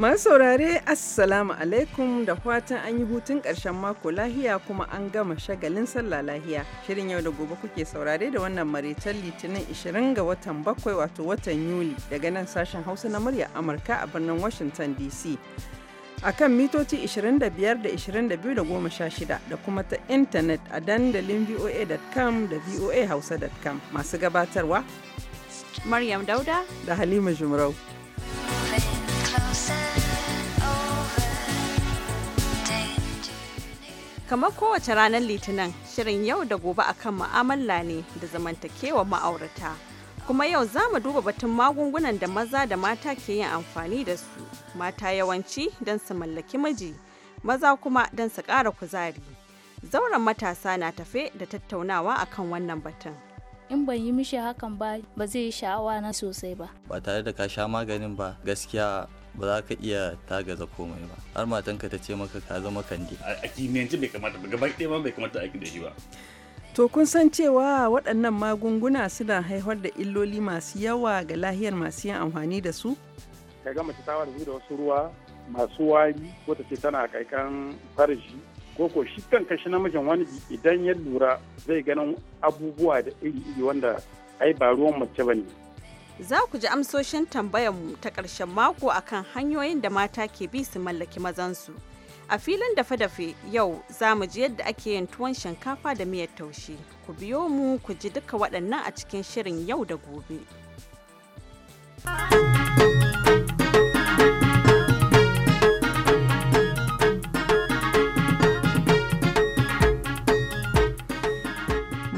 Masu saurare Assalamu alaikum da fatan an yi hutun karshen mako lahiya kuma an gama shagalin sallah lahiya. Shirin yau da gobe kuke saurare da wannan maritar litinin 20 ga watan bakwai wato watan Yuli daga nan sashen Hausa na murya Amurka a birnin Washington DC. A kan mitoci 25 da 22 da 16 da kuma ta intanet a dandalin voa.com da voahausa.com masu gabatarwa. Maryam Dauda da Halima Jumrau. kamar kowace ranar litinin shirin yau da gobe akan ma'amala ne da zamantakewa ma'aurata kuma yau za mu duba batun magungunan da maza da mata ke yin amfani da su mata yawanci don su mallaki miji maza kuma don su kara kuzari zauren matasa na tafe da tattaunawa akan wannan batun in ban yi mishi hakan ba ba zai yi sha'awa na sosai ba ba tare da ka sha maganin ba gaskiya ba za ka iya tagaza komai ba har matanka ta ce maka ka zama kande a ce bai kamata ba gaba ɗaya ma bai kamata aiki da ba To kun san cewa waɗannan magunguna suna haifar da illoli masu yawa ga lahiyar masu yin amfani da su? Ka ga mace ta da wasu ruwa masu wari ko ta ce tana kaikan farji ko ko shi kan kashi namijin wani idan ya lura zai ganin abubuwa da iri iri wanda ai ba ruwan mace ba ne. Za ku ji amsoshin mu ta ƙarshen mako akan hanyoyin da mata ke bi su mallaki mazansu. A filin dafe-dafe yau za mu ji yadda ake yin tuwon shinkafa da miyar taushe. Ku biyo mu ku ji duka waɗannan a cikin shirin yau da gobe.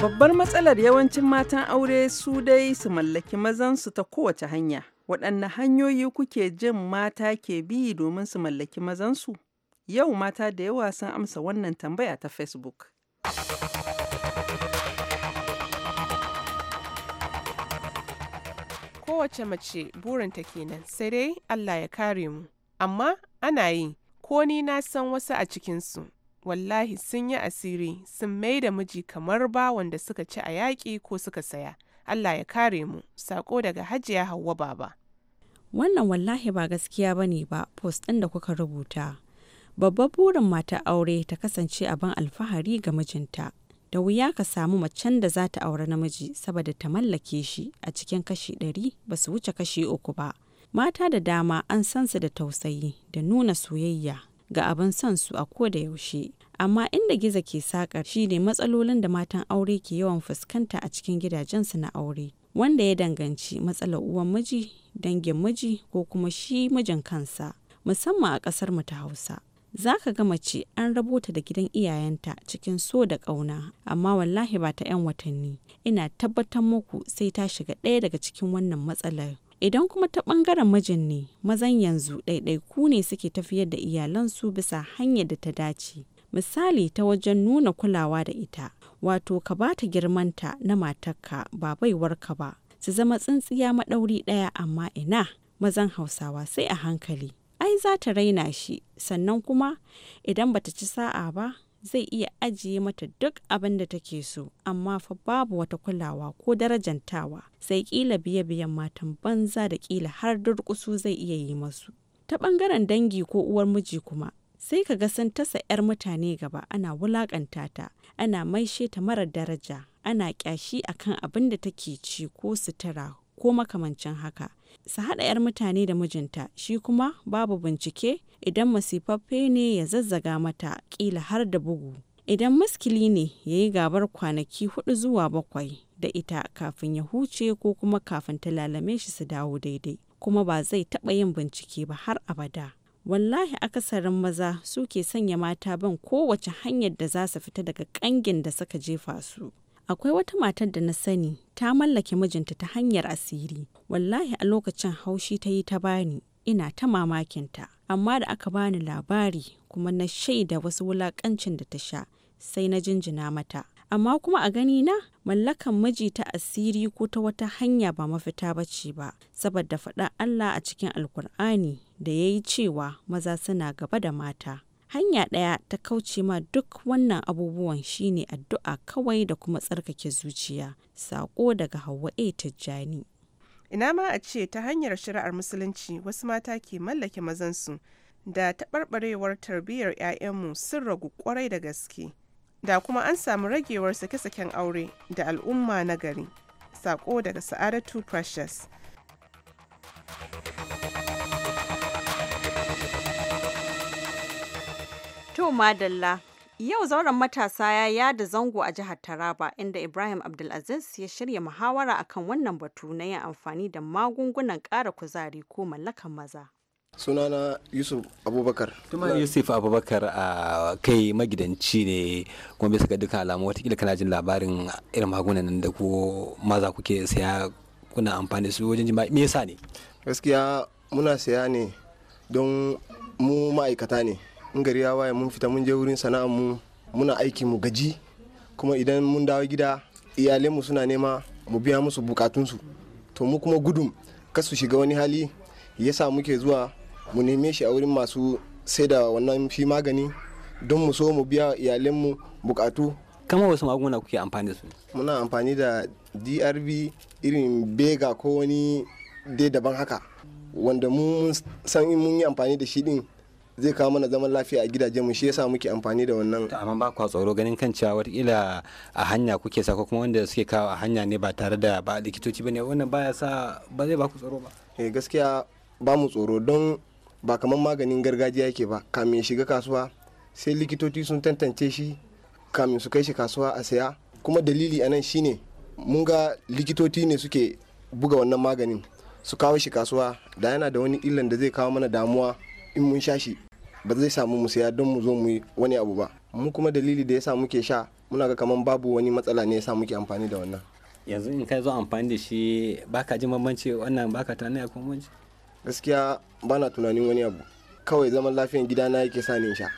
Babbar matsalar yawancin matan aure su dai su mallaki mazansu ta kowace hanya. Waɗanne hanyoyi kuke jin mata ke bi domin su mallaki mazansu? Yau mata da yawa sun amsa wannan tambaya ta Facebook. Kowace mace burinta kenan sai dai Allah ya kare mu, amma ana yi, ko ni na san wasu a cikinsu wallahi sun yi asiri sun mai da miji kamar bawan da suka ci a yaƙi ko suka saya Allah ya kare mu sako daga hajiya hauwa baba wannan wallahi ba gaskiya ba ne ba post ɗin da kuka rubuta babban burin mata aure ta kasance abin alfahari ga mijinta da wuya ka samu macen da za ta aure namiji saboda ta mallake shi a cikin kashi ɗari ba su wuce kashi uku ba mata da dama an san su da tausayi da nuna soyayya ga abin son su a ko da yaushe. Amma inda giza ke sakar shi ne matsalolin da matan aure ke yawan fuskanta a cikin gidajensu na aure. Wanda ya danganci matsalar uwan miji, dangin miji ko kuma shi mijin kansa, musamman a ƙasar mu ta Hausa. Za ka ga mace an rabota da gidan iyayenta cikin so da ƙauna, amma wallahi ba ta 'yan watanni. Ina tabbatar muku sai ta shiga ɗaya daga cikin wannan matsalar. Idan kuma ta ɓangaren mijin ne, mazan yanzu ɗaiɗaiku ne suke tafiyar da iyalansu bisa hanyar da ta dace. Misali ta wajen nuna kulawa da ita, wato ka ba ta girmanta na matarka ba baiwarka ba, su zama tsintsiya maɗauri ɗaya amma ina mazan Hausawa sai a hankali. Ai za ta raina shi, sannan kuma idan bata ci sa'a ba, zai iya ajiye mata duk abin da take so amma fa babu wata kulawa ko darajantawa sai kila biye-biyen matan banza da kila har durkusu zai iya yi masu ta bangaren dangi ko uwar miji kuma sai ka ga san tasa 'yar mutane gaba ana wulakanta ta ana maishe ta marar daraja ana kyashi akan abin da take ci ko sutura ko makamancin haka su haɗa 'yar mutane da mijinta shi kuma babu bincike idan masifaffe ne ya zazzaga mata ƙila har da bugu idan maskili ne ya yi gabar kwanaki hudu zuwa bakwai da ita kafin ya huce ko kuma kafin ta lalame shi su dawo daidai kuma ba zai taɓa yin bincike ba har abada wallahi akasarin maza suke sanya mata ban kowace hanyar da za su fita daga kangin da suka jefa su akwai wata matar da na sani ta mallake mijinta ta hanyar asiri wallahi a lokacin haushi ta yi ta bani ina ta mamakinta amma da aka bani labari kuma na shaida wasu wulakancin da ta sha sai na jinjina mata amma kuma a gani na mallakan miji ta asiri ko ta wata hanya ba mafita ba ce ba saboda faɗa Allah a cikin alkur'ani da ya yi cewa maza suna gaba da mata hanya ɗaya ta kauce ma duk wannan abubuwan shine addu'a kawai da kuma tsarkake zuciya saƙo daga hawa a tijjani ina ma a ce ta hanyar shari'ar musulunci wasu mata ke mallake mazansu da taɓarɓarewar tarbiyyar 'ya'yanmu sun ragu kwarai da gaske da kuma an samu ragewar sake-saken aure da al'umma na gari. saƙo daga Sa'adatu Precious. To madalla. Yau zauren matasa ya yada zango a jihar Taraba inda Ibrahim Abdulaziz ya shirya muhawara akan wannan batu na yin amfani da magungunan ƙara kuzari ko mallakan maza. sunana yusuf abubakar tuma yusuf abubakar a kai magidanci ne kuma bisa ga dukkan alamu watakila kana jin labarin irin magunan da ko maza kuke saya kuna amfani su wajen jima me yasa ne gaskiya muna saya ne don mu ma'aikata ne in gari ya waye mun fita mun je wurin sana'a mu muna aiki mu gaji kuma idan mun dawo gida iyalenmu suna nema mu biya musu bukatunsu to mu kuma gudun kasu shiga wani hali yasa muke zuwa mu neme shi a wurin masu saida da wannan shi magani don mu so mu biya iyalenmu bukatu kama wasu magunguna kuke amfani da su muna amfani da drb irin bega ko wani dai daban haka wanda mun san mun yi amfani da shi din zai kawo mana zaman lafiya a gidajenmu mu shi yasa muke amfani da wannan amma ba kwa tsoro ganin kan cewa watakila a hanya kuke sa ko kuma wanda suke kawo a hanya ne ba tare da ba likitoci bane wannan baya sa ba zai ba ku tsoro ba eh gaskiya ba mu tsoro don ba kamar maganin gargajiya yake ba kamin ya shiga kasuwa sai likitoci sun tantance shi kamin su kai shi kasuwa a saya kuma dalili anan shine mun ga likitoci ne suke buga wannan maganin su kawo shi kasuwa da yana da wani illan da zai kawo mana damuwa in mun sha shi ba zai samu mu saya don mu zo mu yi wani abu ba mu kuma dalili da yasa muke sha muna ga kaman babu wani matsala ne yasa muke amfani da wannan yanzu in kai zo amfani da shi baka jin bambanci wannan baka tunanin kuma bambanci gaskiya bana tunanin wani abu kawai zaman lafiyan na yake sa ni sha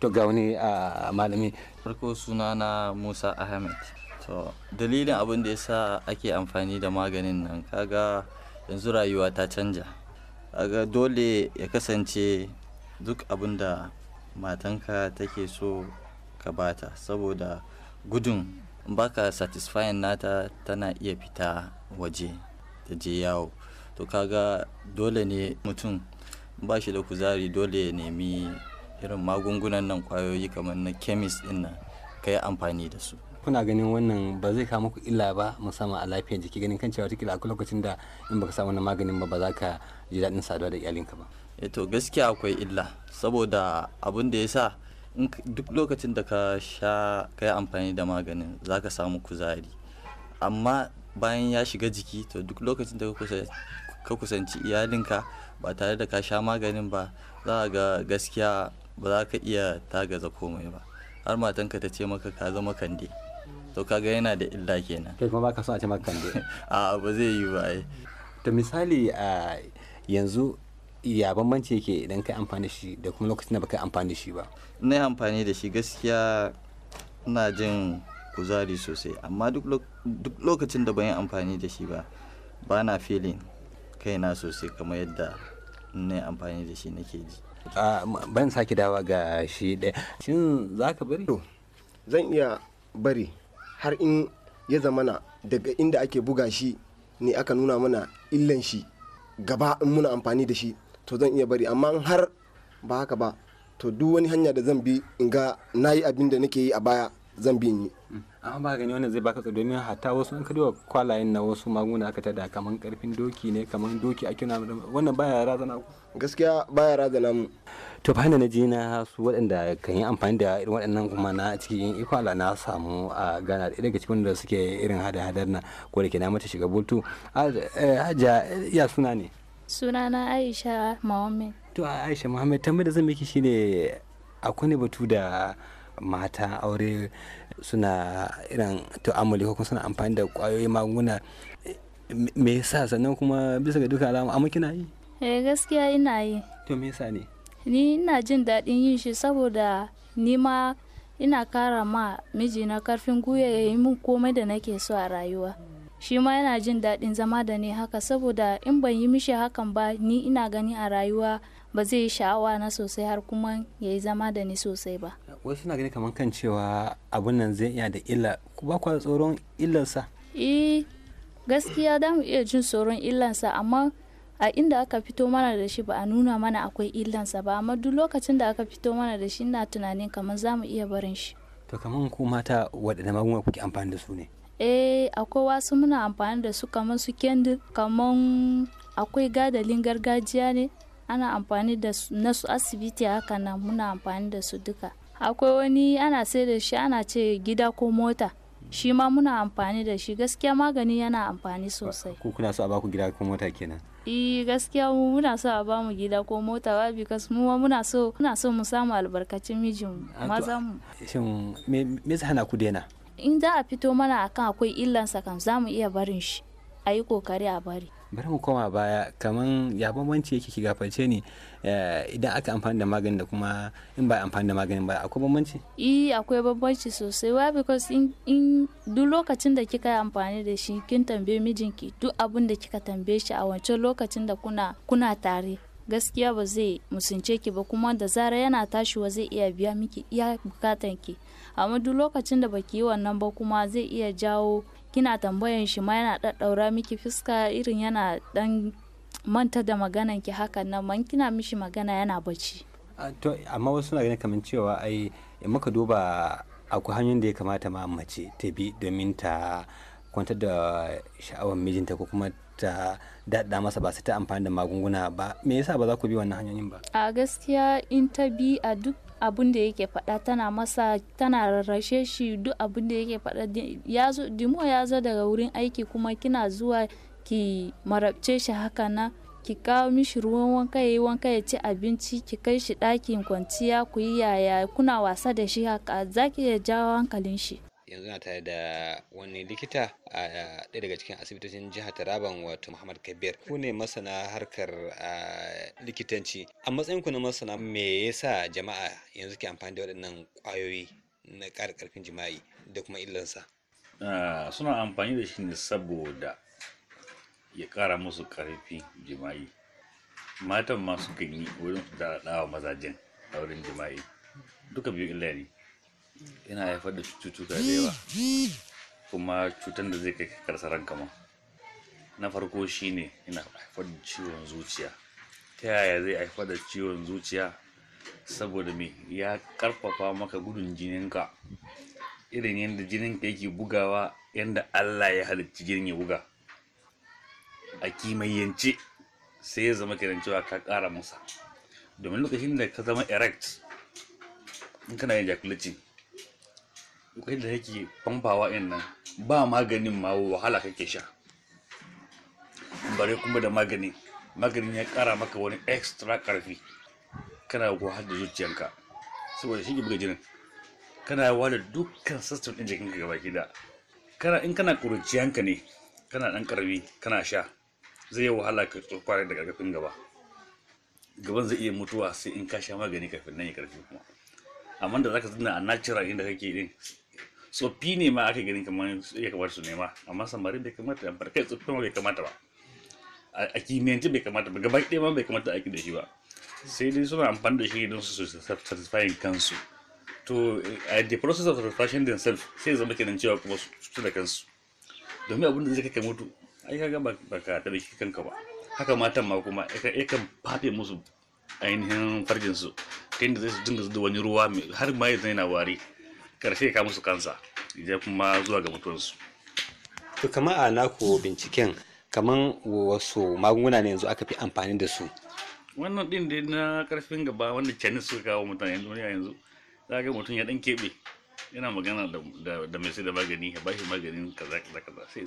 to ga wani a malami farko suna na musa ahmed to dalilin abin da yasa ake amfani da maganin nan kaga yanzu rayuwa ta canja ga dole ya kasance duk abin da matanka take so ka bata saboda gudun baka satisfying nata tana iya fita waje ta je yawo to kaga dole ne mutum ba shi da kuzari dole ya nemi irin magungunan nan kwayoyi kamar na kemis din nan ka yi amfani da su kuna ganin wannan ba zai kawo muku illa ba musamman a lafiyar jiki ganin kan cewa tikila akwai lokacin da in baka samu wannan maganin ba ba za ka ji daɗin saduwa da iyalinka ba e to gaskiya akwai illa saboda abun da ya sa duk lokacin da ka sha ka yi amfani da maganin za ka samu kuzari amma bayan ya shiga jiki to duk lokacin da ka kusanci iyalinka ba tare da ka sha maganin ba za ga gaskiya ba za ka iya tagaza komai ba har matanka ta ce maka ka zama kande to kaga yana da illa kenan kai kuma baka so a ce maka kande a ba zai yi ba to misali a yanzu ya bambanci yake idan kai amfani da shi da kuma lokacin da baka amfani da shi ba na yi amfani da shi gaskiya ina jin kuzari sosai amma duk lokacin da ban yi amfani da shi ba ba na filin kaina sosai kamar yadda na yi amfani da shi nake ji ban sake dawa ga shi ɗaya shin za ka bari zan iya bari har in ya zamana daga inda ake buga shi ne aka nuna mana illan shi gaba in muna amfani da shi to zan iya bari amma har ba haka ba to duk wani hanya da zan bi in ga na yi abin da nake yi a baya zan bi ni mm. amma ba gani wannan zai baka tsaro domin hatta wasu an kaduwa kwalayen na wasu magunguna aka tada kaman karfin doki ne kaman doki ake na wannan baya razana ku gaskiya baya razana mu to bayan na je na su waɗanda kan yi amfani da irin waɗannan kuma na cikin ikwala na samu a gana da daga cikin da suke irin hada-hadar na ko da ke na mata shiga bultu ah, eh, hajja ya suna ne sunana aisha muhammad to aisha muhammad tambayar da zan miki shine akwai ne batu da mata aure suna irin tu'amuli ko suna amfani da kwayoyi magunguna me yasa sannan kuma bisa ga duka alama amma kina yi eh gaskiya ina yi to me yasa ne ni ina jin daɗin yin shi saboda ni ma ina kara ma miji na karfin guya ya yi min komai da nake so a rayuwa shi ma yana jin daɗin zama da ni haka saboda in ban yi mishi hakan ba ni ina gani a rayuwa ba zai yi sha'awa na sosai har kuma ya yi zama da ni sosai ba wasu na gani kamar kan cewa abun nan zai iya da illa ku ba kwa tsoron illarsa eh gaskiya da mu iya jin tsoron illansa amma a inda aka fito mana da shi ba a nuna mana akwai illansa ba amma duk lokacin da aka fito mana da shi ina tunanin kamar za mu iya barin shi to kamar ku mata waɗanne magunguna kuke amfani da su ne eh akwai wasu muna amfani da su kamar su kendir kamar akwai gadalin gargajiya ne ana amfani da na su asibiti haka nan muna amfani da su duka akwai wani ana sai da shi ana ce gida ko mota shi ma muna amfani da shi gaskiya magani yana amfani sosai ku kuna so a baku gida ko mota kenan eh gaskiya mu muna so a ba mu gida ko mota ba because mu ma muna so muna so mu samu albarkacin mijin maza mu shin me hana ku daina in za a fito mana akan akwai illansa kan za mu iya barin shi a yi kokari a bari bari mu koma baya kaman ya bambanci yake ki gafarce ni eh, idan aka amfani da maganin da kuma in ba amfani da maganin ba akwai bambanci eh akwai bambanci sosai wa because in, duk lokacin da kika yi amfani da shi kin tambaye mijinki duk abin da kika tambaye shi a wancan lokacin da kuna kuna tare gaskiya ba zai musunce ki ba kuma da zara yana tashi wa zai iya biya miki iya bukatan ki amma duk lokacin da baki yi wannan ba kuma zai iya jawo kina tambayan shi ma yana ɗaɗɗaura miki fuska irin yana ɗan manta da maganan ki hakan nan man kina mishi magana yana bacci to amma wasu na ganin kamar cewa ai muka duba akwai hanyoyin da ya kamata ma mace ta bi domin ta kwantar da sha'awar mijinta ko kuma ta daɗa masa ba su ta amfani da magunguna ba me yasa ba za ku bi wannan hanyoyin ba a gaskiya in ta bi a duk abin da yake faɗa tana masa tana rarrashe shi duk abin da yake faɗa dimo ya zo daga wurin aiki kuma kina zuwa ki marabce shi haka na ki kawo mishi ruwan wanka yayi wanka ya ci abinci ki kai shi ɗakin kwanciya ku yi yaya kuna wasa da shi haka zaki ya iya jawo hankalin shi yanzu na tare da wani likita a ɗaya daga cikin asibitocin jihar Taraban wato Muhammad Kabir ku ne masana harkar likitanci a matsayin ku na masana me yasa jama'a yanzu ke amfani da waɗannan ƙwayoyi na ƙara ƙarfin jima'i da kuma illansa suna amfani da shi ne saboda ya ƙara musu ƙarfin jima'i matan ma suka yi wurin su da mazajen a wurin jima'i duka biyu illa ne yana haifar da cututtuka da yawa kuma cutar da zai kai karsaran kama na farko shine yana haifar da ciwon zuciya ta yaya zai haifar da ciwon zuciya saboda me ya karfafa maka gudun jininka irin yadda jininka yake bugawa yadda allah ya halitta jinin ya buga a kimayyance sai ya zama kiran cewa ka kara masa domin lokacin da ka zama erect in kana yin jakulacin kai da take famfawa in nan ba maganin ma wahala kake sha bare kuma da magani maganin ya kara maka wani extra karfi kana wahala da zuciyanka saboda shi buga jinin kana wahal dukkan sassan din jikinka gaba da kana in kana kuruciyanka ne kana dan karfi kana sha zai yi wahala ka tsofa da karfin gaba gaban zai iya mutuwa sai in ka sha magani kafin nan ya karfi kuma amma da zaka zina a natural inda kake din tsofi ne ma aka gani kamar ya kamar su nema amma samari bai kamata ba barkai tsofi ma bai kamata ba a kimiyyance bai kamata ba gaba ɗaya ma bai kamata a aiki da shi ba sai dai suna amfani da shi don su su satisfying kansu to a eh, the process of satisfaction themselves sai zama kenan cewa kuma su da kansu domin abin da zai kai mutu ai kaga ba ka taɓa shi kanka ba haka matan ma kuma yakan fafe musu ainihin farjinsu ta yadda zai su dinga zuwa wani ruwa har ma yanzu zai na wari karshe ka musu kansa idan kuma zuwa ga mutuwarsu to kamar a naku binciken kaman wasu magunguna ne yanzu aka fi amfani da su wannan din da na karfin gaba wanda chinese suka kawo mutane duniya yanzu za ga mutum ya dan keɓe yana magana da mai sai da magani ya bashi maganin kaza kaza kaza sai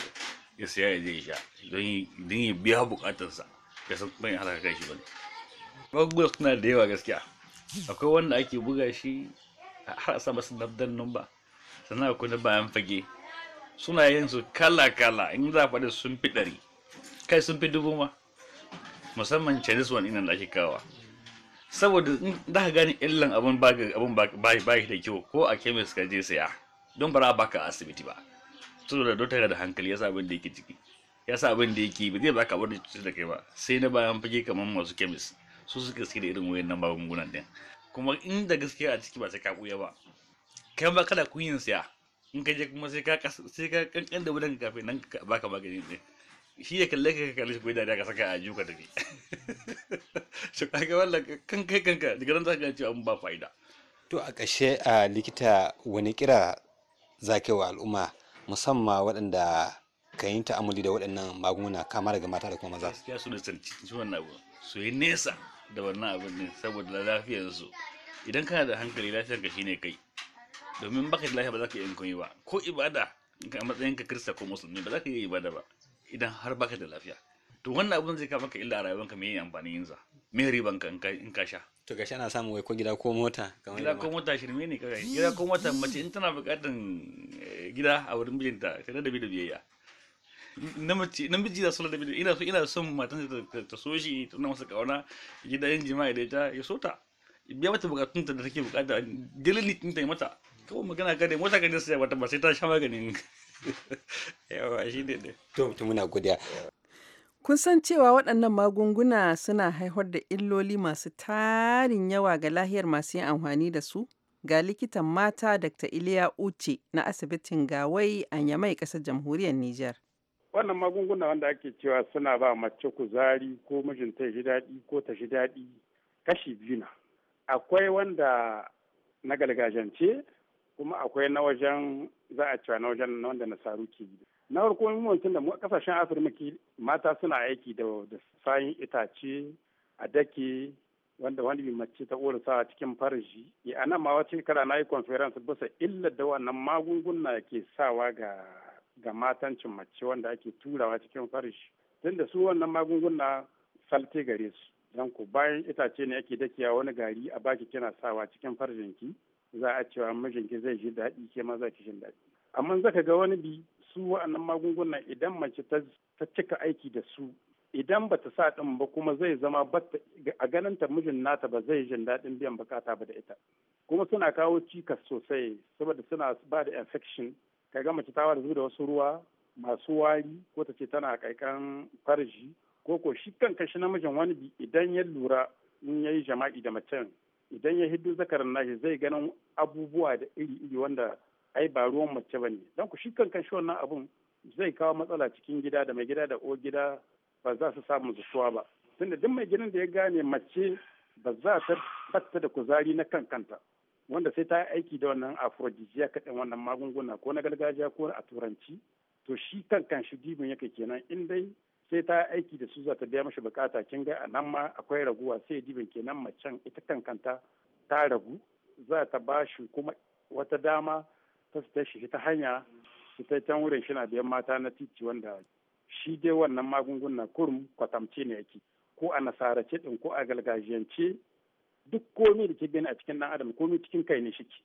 ya siya ya je ya sha don ya biya bukatarsa ya san kuma ya halaka kai shi bane magunguna suna da yawa gaskiya akwai wanda ake buga shi har a sa masu dabdan numba sannan akwai na bayan fage yin su kala kala in za a faɗi sun fi ɗari kai sun fi dubu ma musamman chinese one inan da ake kawa saboda in da ka gane illan abin abin ba da kyau ko a chemist ka je saya don ba za baka asibiti ba saboda dokta da hankali ya sa abin da yake ciki ya sa abin da yake ba zai baka abin da da kai ba sai na bayan fage kamar masu chemist su suka sai da irin wayan wayannan magungunan din kuma inda gaskiya a ciki ba sai ka buya ba kai ma kada yin siya in ka je kuma sai ka sai ka kankan da wurin kafin nan ka baka magani ne shi ya kalle ka kalle shi ko da ka saka a juka ni shi ga wallan kan kai kanka daga nan zaka ce cewa ba fa'ida to a ƙarshe a likita wani kira zaka wa al'umma musamman waɗanda ka yi ta amuli da waɗannan magunguna kama ga mata da kuma maza gaskiya su da su wannan abu su yi nesa da wannan abin din saboda lafiyarsu idan kana da hankali lafiyarka shine kai domin baka da lafiya ba za ka yi komai ba ko ibada a matsayinka kirista ko musulmi ba za ka yi ibada ba idan har baka da lafiya to wannan abun zai maka illa a rayuwanka me amfanin yin sa me riban ka in ka sha to ga ana samu wai ko gida ko mota gida ko mota shirme ne kaga gida ko mota mace in tana bukatan eh, gida a wurin mijinta tare da bi da biyayya namiji da sallar da ina so ina son matan ta so shi ta nuna masa kauna yin jima'i da ita ya so ta biya mata ta da take bukata dalili tun ta yi mata kawai magana ka da mota ka da sai mata ba sai ta sha maganin yawa shi ne ne to to muna godiya kun san cewa waɗannan magunguna suna haifar da illoli masu tarin yawa ga lahiyar masu yin amfani da su ga likitan mata Dr. Iliya uce na asibitin Gawai a Yamai ƙasar jamhuriyar Nijar. wannan magunguna wanda ake cewa suna ba mace kuzari ko mijinta ji daɗi ko ta ji daɗi kashi biyu na akwai wanda na gargajance kuma akwai na wajen za a cewa na wajen na wanda ke yi na farko mutum da kasashen afirka mata suna aiki da sayin itace a dake wanda wani mace ta sawa cikin farji ya eh, anan ma wata shekara na yi conference bisa illa da wannan magunguna ke sawa ga ga matan mace wanda ake turawa cikin farish da su wannan magunguna salte gare su don ku bayan itace ne ake dakiya wani gari a baki kina sawa cikin farjinki za a cewa mijinki zai ji daɗi ke ma za ki jin daɗi amma zaka ga wani bi su wa'annan magungunan idan mace ta cika aiki da su idan ba ta sa ɗin ba kuma zai zama a ganin ta mijin nata ba zai jin daɗin biyan bukata ba da ita kuma suna kawo cikas sosai saboda suna ba da infection ka ga mace ta warzu da wasu ruwa masu wari ko ta ce tana kaikan farji ko ko shi kanka shi namijin wani idan ya lura in ya yi jama'i da macen idan ya hiddu zakarin nashi zai ganin abubuwa da iri iri wanda ai ba ruwan mace ba ne dan ku shi kanka shi wannan abun zai kawo matsala cikin gida da mai gida da o gida ba za su samu zuciwa ba tunda duk mai gidan da ya gane mace ba za ta fatta da kuzari na kan kanta wanda sai ta yi aiki da wannan aphrodisiac kaɗan wannan magunguna ko na gargajiya ko a turanci to shi kan kan shi dibin yake kenan in dai sai ta yi aiki da su za ta biya mashi bukata kin ga a nan ma akwai raguwa sai dibin kenan macen ita kan kanta ta ragu za ta ba shi kuma wata dama ta ta shi ta hanya ta can wurin shi na biyan mata na titi wanda shi dai wannan magunguna kurum kwatamce ne yake ko a nasarace ɗin ko a gargajiyance duk komi da ke gani a cikin dan adam komai cikin kai ne shiki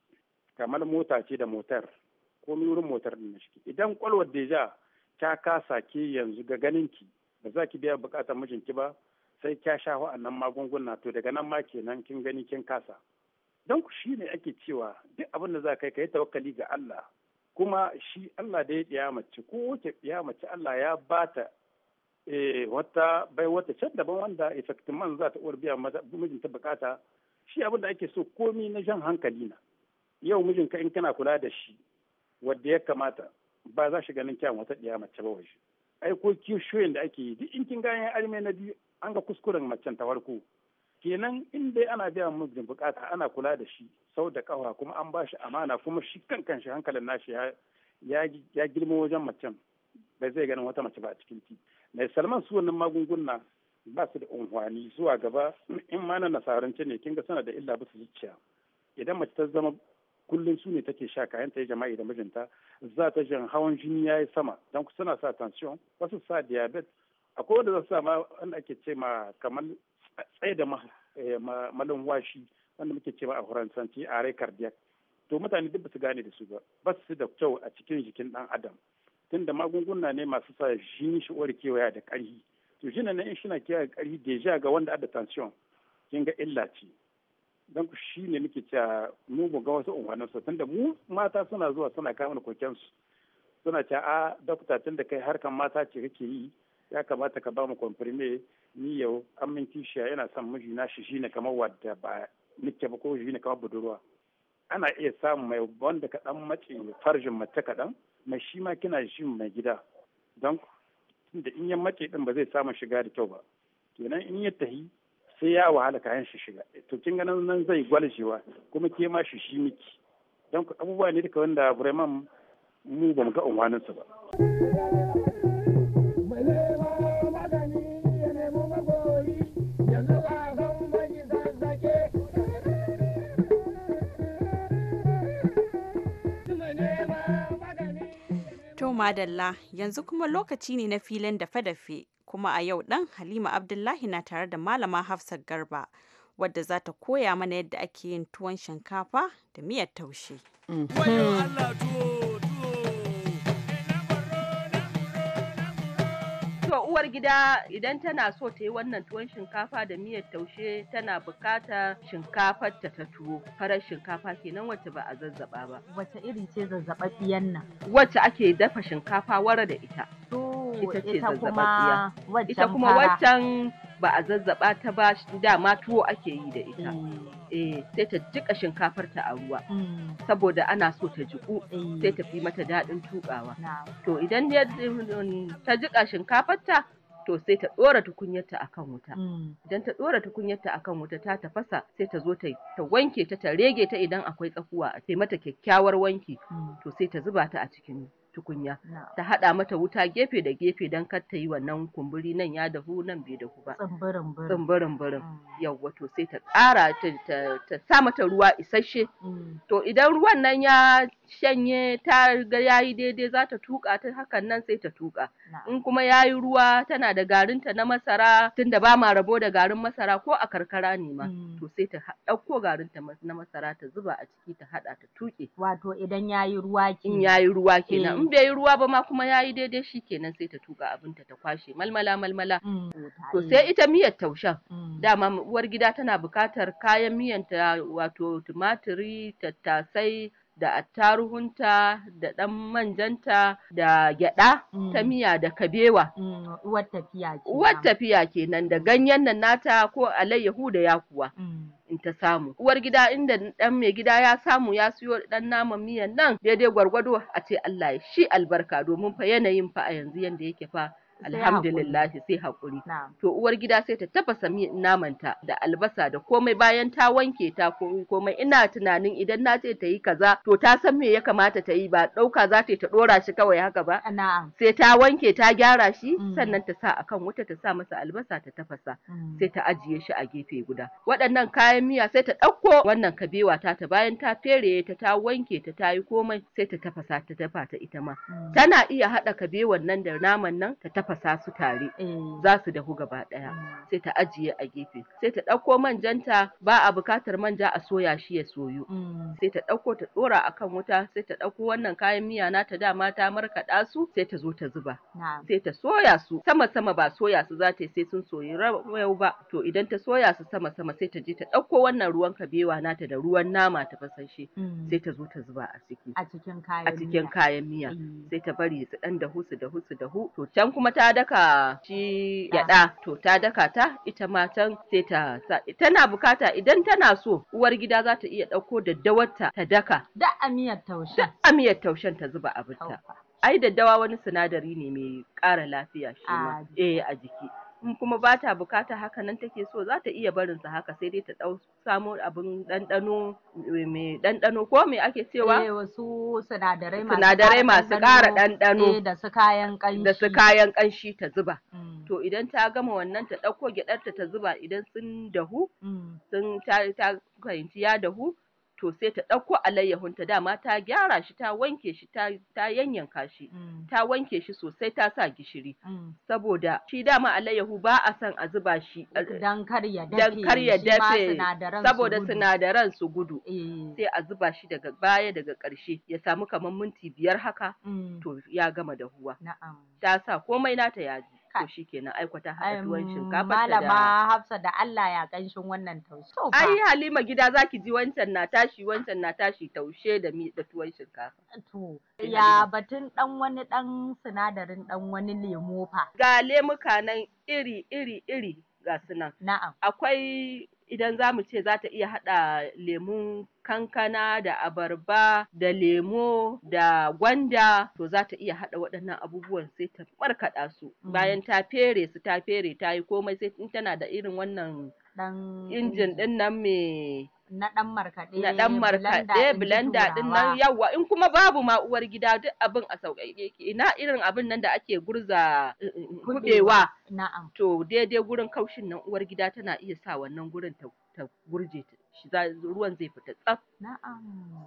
kamar mota ce da motar komai wurin motar ne shiki idan kwalwar deja ta kasa ke yanzu ga ganin ki ba za ki biya bukatar mijinki ba sai kya sha wa'annan magunguna to daga nan ma kenan kin gani kin kasa don ku shi ake cewa duk abin da za kai kai ka yi tawakkali ga Allah kuma shi Allah da ya ɗiya mace ko wace ɗiya mace Allah ya bata. eh wata bai wata can daban wanda man za ta uwar biya mijinta bukata shi abin da ake so komi na jan hankali na yau mijinka in kana kula da shi wadda ya kamata ba za shi ganin kyan wata ɗiya mace ba waje ai ko kishiyoyin da ake yi duk in kin gane arme na biyu an ga kuskuren macen ta farko kenan in dai ana biya mijin bukata ana kula da shi sau da kawa kuma an ba shi amana kuma shi kan kanshi hankalin nashi ya girma wajen macen bai zai ganin wata mace ba a cikin titi mai salman su wannan magunguna ba su da unhwani zuwa gaba in ma na nasarance ne kinga sana da illa bisa zuciya idan mace ta zama kullum su ne take sha kayan ta yi jama'i da mijinta za ta jin hawan jini ya yi sama don suna sa tension wasu sa diabetes akwai wanda za su sama wanda ake ce ma kamar tsaye da eh, malin washi wanda muke ce ma a faransanci a rai cardiac to mutane duk ba su gane da su ba ba su da kyau a cikin jikin dan adam tunda magunguna ne masu sa jini shi warkewa da ƙarfi to jinin nan in shi na kiyaye ƙarfi deja ga wanda ada tension kin ga illa ce don ku shi ne muke cewa mu mu ga wasu unguwannin su tunda mu mata suna zuwa suna kawo mana koken su suna cewa a dokta tunda kai harkan mata ce kake yi ya kamata ka ba mu komprime ni yau an min kishiya yana son miji na shi shine kamar wadda ba nike ba ko shine kamar budurwa ana iya samun mai wanda kaɗan mace farjin mace kaɗan mai shi ma kina mu mai gida don da in ya mace din ba zai samu shiga da kyau ba kenan in ya tahi sai ya wahala kayan shi shiga to kin ganin nan zai gwalishewa kuma ke ma shi shi miki don abubuwa ne duka wanda Bremen mu ba mu ga unwaninsa ba. To madalla yanzu kuma lokaci ne na filin dafe-dafe kuma a yau ɗan Halima Abdullahi na tare da Malama Hafsat Garba wadda za ta koya mana yadda ake yin tuwon shinkafa da miyar taushe. Mm. uwar gida idan tana so ta yi wannan tuwon shinkafa da miyar taushe tana buƙatar shinkafar ta ta tuwo farar shinkafa kenan wacce ba a zazzaba ba Wacce irin ce zazzababbiyan nan wacce ake dafa shinkafa wara da ita ita ce zazzababbiya ita kuma waccan ba a zazzaba ta ba dama tuwo ake yi da ita eh. Eh, sai ta jiƙa shinkafar ta a ruwa mm. saboda ana so ta jiku eh. sai ta fi mata daɗin tuƙawa to idan mm, ta jiƙa shinkafar ta to sai ta ɗora tukunyarta akan wuta mm. idan ta ɗora tukunyarta akan wuta ta tafasa sai ta zo ta wanke ta ta rege ta idan akwai tsakuwa sai mata kyakkyawar wanki to sai ta zuba ta a cikin tukunya ta haɗa mata wuta gefe da gefe don kar ta yi wannan kumburi nan ya dahu nan bai dahu ba tsumburin burin tsumburin burin mm. yawwa to sai ta ƙara ta sa mata ruwa isasshe mm. to idan ruwan nan ya shanye ta ga yayi daidai za ta tuƙa ta hakan nan sai ta tuƙa in kuma yayi ruwa tana da garinta na masara tunda ba ma rabo da garin masara ko a karkara ne ma mm. to sai ta dauko garinta na masara ta zuba a ciki ta haɗa ta tuƙe wato idan yayi ruwa kenan yayi ruwa kenan in bai yi ruwa ba ma kuma ya yi daidai shi kenan sai ta tuka abinta ta kwashe malmala malmala mm. to sai ita miyar taushen mm. dama uwar gida tana bukatar kayan miyan ta wato tumatiri tattasai da attaruhunta da ɗan manjanta da gyaɗa ta mm. miya da kabewa. Uwar tafiya kenan da ganyen nan nata ko alayyahu da yakuwa. in ta samu uwar gida inda ɗan mai gida ya samu ya siyo ɗan naman miyan nan daidai gwargwado a ce Allah ya shi albarka domin fa yanayin fa a yanzu yanda yake fa alhamdulillah sai hakuri. to uwar gida sai ta tafasa namanta da albasa da komai bayan ta wanke ta komai ina tunanin idan na ce ta yi kaza to ta san me ya kamata ta yi ba ɗauka za ta ta ɗora shi kawai haka ba sai ta wanke ta gyara shi mm. sannan ta sa akan wuta ta sa masa albasa ta tafasa mm. sai ta ajiye shi a gefe guda waɗannan kayan miya sai ta ɗauko wannan kabewa ta ta bayan ta fere ta ta wanke ta ta yi komai sai ta tafasa ta dafa ta ita ma mm. tana iya haɗa kabewan nan da naman nan ta tafasa tafasa su tare eh. za su dahu gaba ɗaya mm. sai ta ajiye a gefe sai ta ɗauko manjanta ba a buƙatar manja a soya shi ya soyu mm. sai ta ɗauko ta ɗora kan wuta sai ta ɗauko wannan kayan miya na nata dama ta markaɗa su sai ta zo ta zuba sai ta soya su sama sama ba soya su za ta yi sai sun soyu yau ba to idan ta soya su sama sama sai ta je ta ɗauko wannan ruwan kabewa na ta da ruwan nama ta fasashe mm. sai ta zo ta zuba a ciki a cikin kayan miya sai ta bari su ɗan dahu su dahu su dahu to can kuma ta ta daka shi gyada to ta daka ta ita matan sai ta sa tana bukata idan tana so uwar gida za ta iya ɗauko daddawarta ta daka da amiyar taushen da amiyar taushen ta zuba abinta ai daddawa wani sinadari ne mai ƙara lafiya shi eh a jiki in kuma bata ta bukata haka nan take so zata iya barin sa haka sai dai ta dau samo abin ɗanɗano eh, Me ɗanɗano ko me ake cewa eh wasu sinadarai masu sinadarai masu ƙara ɗanɗano eh, da su kayan ƙanshi da su kayan ƙanshi ta zuba mm. to idan ta gama wannan ta ɗauko gyaɗarta ta zuba idan sun dahu mm. sun ta fahimci ya dahu to sai ta ɗauko alayyahunta dama ta gyara shi ta wanke shi ta, yanyan yanyanka mm. ta wanke shi sosai ta sa gishiri mm. saboda shi dama alayyahu ba a son a zuba shi eh, dan kar ya dafe saboda sinadaran su gudu eh. sai a zuba shi daga baya daga ƙarshe ya samu kamar minti biyar haka mm. to ya gama dahuwa ta sa komai nata ya ji to shikenan shinkafa da malama Hafsa da Allah ya ganshin wannan taushe ai Halima gida zaki ji wancan na tashi wancan na tashi taushe da mi da tuwon shinkafa to ya batun dan wani dan sinadarin dan wani lemo fa ga lemuka nan iri iri iri ga su na'am akwai idan za mu ce za ta iya haɗa lemun kankana da abarba da lemo da gwanda to za ta iya haɗa waɗannan abubuwan sai ta markaɗa su mm. bayan ta fere su ta fere ta yi komai sai in tana da irin wannan injin ɗin nan mai na dan markaɗe na dan markaɗe blender din nan yawa in kuma babu ma uwar gida duk abin a sauƙaƙe ina irin abin nan da ake gurza kuɓewa eh, eh, eh, to daidai gurin kaushin nan uwar gida tana iya sa wannan gurin ta gurje ta ruwan zai fita tsaf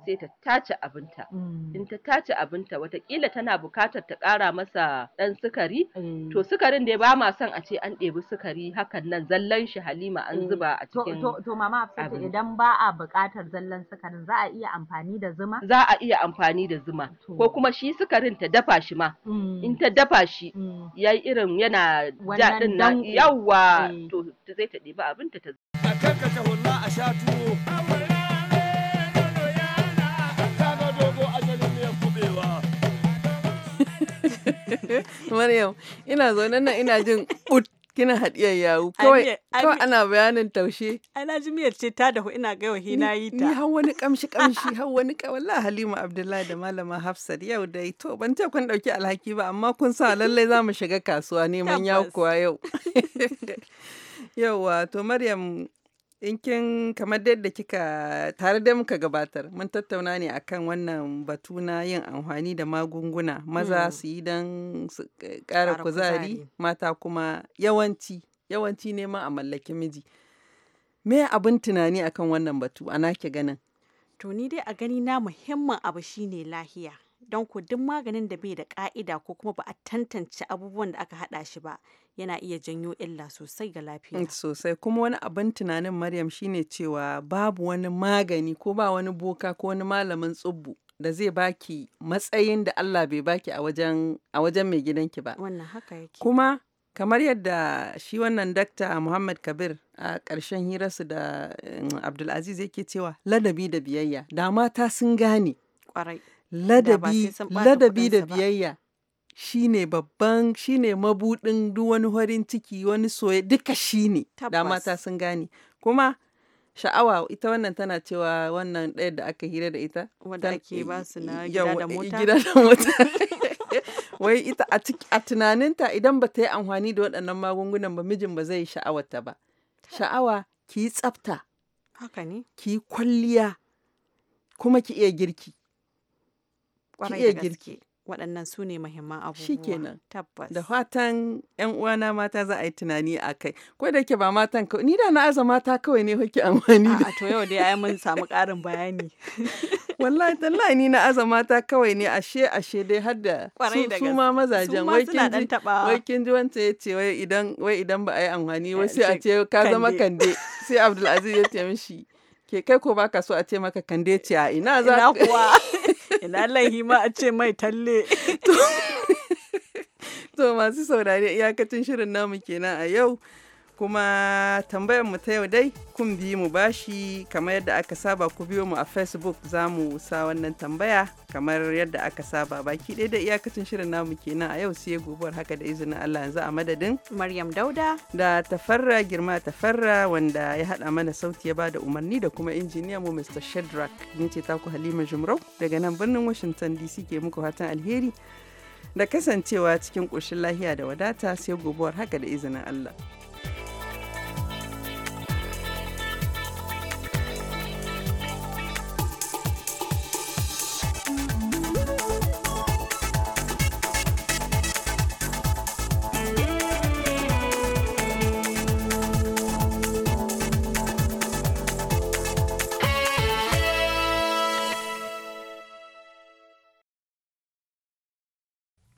sai ta tace abinta mm. in ta tace abinta watakila tana bukatar ta ƙara masa ɗan sukari eh. to sukarin dai ba ma son a ce an ɗebi sukari hakan nan zallan shi halima an eh. zuba a cikin to mama Hafsatu idan ba a bukatar zallan sukarin za a iya amfani da zuma za a iya amfani da zuma ko kuma shi sukarin ta dafa shi ma mm. in ta dafa shi mm. yayi irin yana ja na yawwa eh. to zai ta ɗebi abinta ta wanke a sha tuwo Maryam, ina zaune nan ina jin ut kina haɗiyar yawu kawai kawai ana bayanin taushe ana ji miyar ce ta dahu ina ga hina yi ta ni har wani kamshi kamshi har wani wallahi Halima Abdullahi da malama Hafsat yau dai to ban ce kun dauki alhaki ba amma kun sa lallai zamu shiga kasuwa neman yakuwa yau yauwa to Maryam In kin kamar yadda kika tare da muka gabatar mun tattauna ne akan wannan batu na yin amfani da magunguna maza hmm. su yi don su kara eh, kuzari mata kuma yawanci yawanci neman a mallaki miji. Me abin tunani akan wannan batu ana ke ganin? To ni dai a gani na muhimmin abu shine lahiya. Don ku duk maganin da bai da ka'ida ko kuma ba a tantance abubuwan da aka haɗa shi ba yana iya janyo illa sosai ga lafiya. Sosai kuma wani abin tunanin Maryam shine cewa babu wani magani ko ba wani boka ko wani malamin tsubbu da zai baki matsayin da Allah bai baki a wajen a wajen mai gidanki ba. Wannan haka yake. Kuma kamar yadda shi wannan dakta Muhammad Kabir a ƙarshen hirarsu da um, Abdulaziz yake cewa ladabi da biyayya da mata sun gane. Ladabi, ladabi da biyayya. shi ne babban shi ne mabuɗin duk wani farin ciki wani soye duka shi ne da mata sun gane kuma sha'awa ita wannan tana cewa wannan ɗaya da aka hira da ita Wadda ake ba su na gida da mota eh, wai ita a tunaninta idan ba ta yi amfani da waɗannan magungunan ba mijin ba zai sha'awarta ba sha'awa ki yi tsafta haka ne ki kwalliya kuma ki iya girki ki iya girki waɗannan su ne muhimman abubuwa kenan tabbas da fatan yan uwana mata za a yi tunani a kai ko da ke ba matan kawai ni da na aza mata kawai ne kake amfani da to yau dai ai mun samu ƙarin bayani wallahi tallahi ni na aza mata kawai ne ashe ashe dai har da su ma mazajen wai kin ji wai kin ji wanda ya ce wai idan wai idan ba a yi amfani wai eh, sai a ce ka zama kande sai Abdulaziz ya ce mishi ke kai ko baka so a ce maka kande ce a ina za ka kuwa ina laihi ma a ce mai talle to masu saurari iyakacin shirin namu kenan a yau kuma tambayar mu ta yau dai kun bi mu bashi kamar yadda aka saba ku biyo mu a facebook za mu sa wannan tambaya kamar yadda aka saba baki ɗaya da iyakacin shirin namu kenan a yau sai gobuwar haka da izinin Allah yanzu a madadin Maryam Dauda da Tafarra Girma Tafarra wanda ya haɗa mana sauti ya bada umarni da kuma injiniya mu Mr. Shadrack ni ce taku Halima Jumrau daga nan birnin Washington DC ke muku fatan alheri da kasancewa cikin ƙoshin lahiya da wadata sai gobuwar haka da izinin Allah.